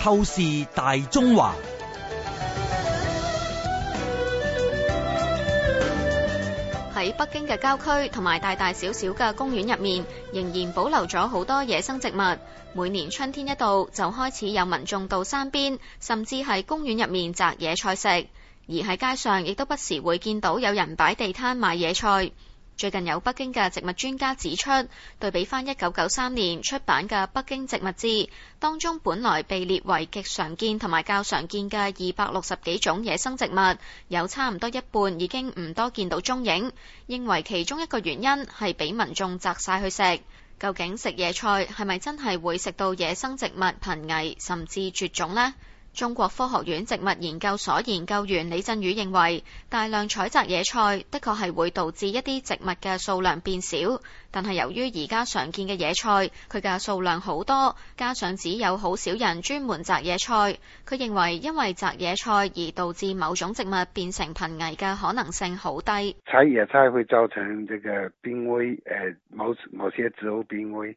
透視大中華。喺北京嘅郊區同埋大大小小嘅公園入面，仍然保留咗好多野生植物。每年春天一到，就開始有民眾到山邊，甚至喺公園入面摘野菜食。而喺街上，亦都不時會見到有人擺地攤賣野菜。最近有北京嘅植物專家指出，對比翻一九九三年出版嘅《北京植物志》，當中本來被列為極常見同埋較常見嘅二百六十幾種野生植物，有差唔多一半已經唔多見到蹤影。認為其中一個原因係俾民眾摘晒去食。究竟食野菜係咪真係會食到野生植物瀕危甚至絕種咧？中國科學院植物研究所研究員李振宇認為，大量採摘野菜的確係會導致一啲植物嘅數量變少，但係由於而家常見嘅野菜，佢嘅數量好多，加上只有好少人專門摘野菜，佢認為因為摘野菜而導致某種植物變成瀕危嘅可能性好低。摘野菜會造成這個瀕危誒、呃，某某些植物瀕危。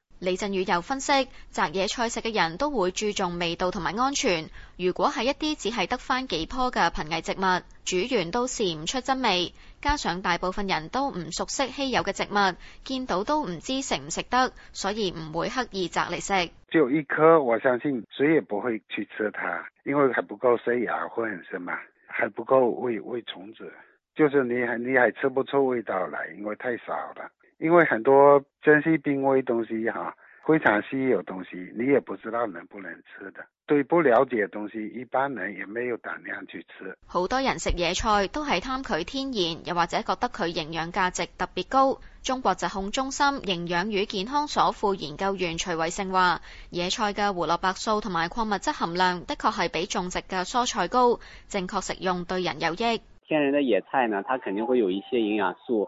李振宇又分析，摘野菜食嘅人都會注重味道同埋安全。如果係一啲只係得翻幾棵嘅瀕危植物，煮完都試唔出真味。加上大部分人都唔熟悉稀有嘅植物，見到都唔知食唔食得，所以唔會刻意摘嚟食。就一顆，我相信誰也不會去吃它，因為還不夠塞牙縫是嘛？還不夠餵餵蟲子，就是你還你還吃不出味道來，因為太少了。因為很多珍稀瀕危東西哈、啊，非常稀有東西，你也不知道能不能吃的。對不了解的東西，一般人也沒有膽量去吃。好多人食野菜都係貪佢天然，又或者覺得佢營養價值特別高。中國疾控中心營養與健康所副研究員徐偉勝話，野菜嘅胡蘿蔔素同埋礦物質含量的確係比種植嘅蔬菜高，正確食用對人有益。天然的野菜呢，它肯定會有一些營養素。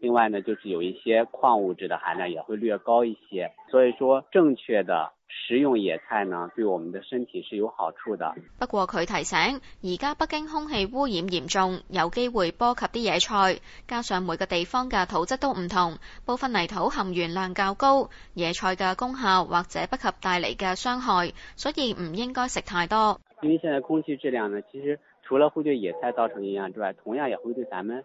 另外呢，就是有一些礦物質的含量也會略高一些，所以說正確的食用野菜呢，對我們的身體是有好處的。不過，佢提醒，而家北京空氣污染嚴重，有機會波及啲野菜，加上每個地方嘅土質都唔同，部分泥土含鹽量較高，野菜嘅功效或者不及帶嚟嘅傷害，所以唔應該食太多。因為現在空氣質量呢，其實除了會對野菜造成影響之外，同樣也會對咱們。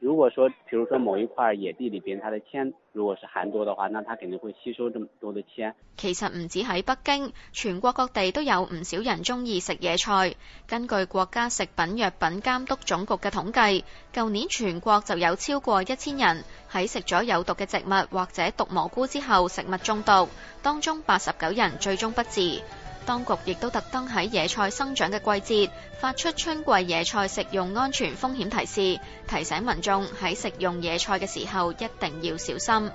如果說，譬如說某一塊野地裏邊，它的鉛如果是含多的話，那它肯定會吸收這麼多的鉛。其實唔止喺北京，全國各地都有唔少人中意食野菜。根據國家食品藥品監督總局嘅統計，舊年全國就有超過一千人喺食咗有毒嘅植物或者毒蘑菇之後食物中毒，當中八十九人最終不治。當局亦都特登喺野菜生長嘅季節，發出春季野菜食用安全風險提示，提醒民眾喺食用野菜嘅時候一定要小心。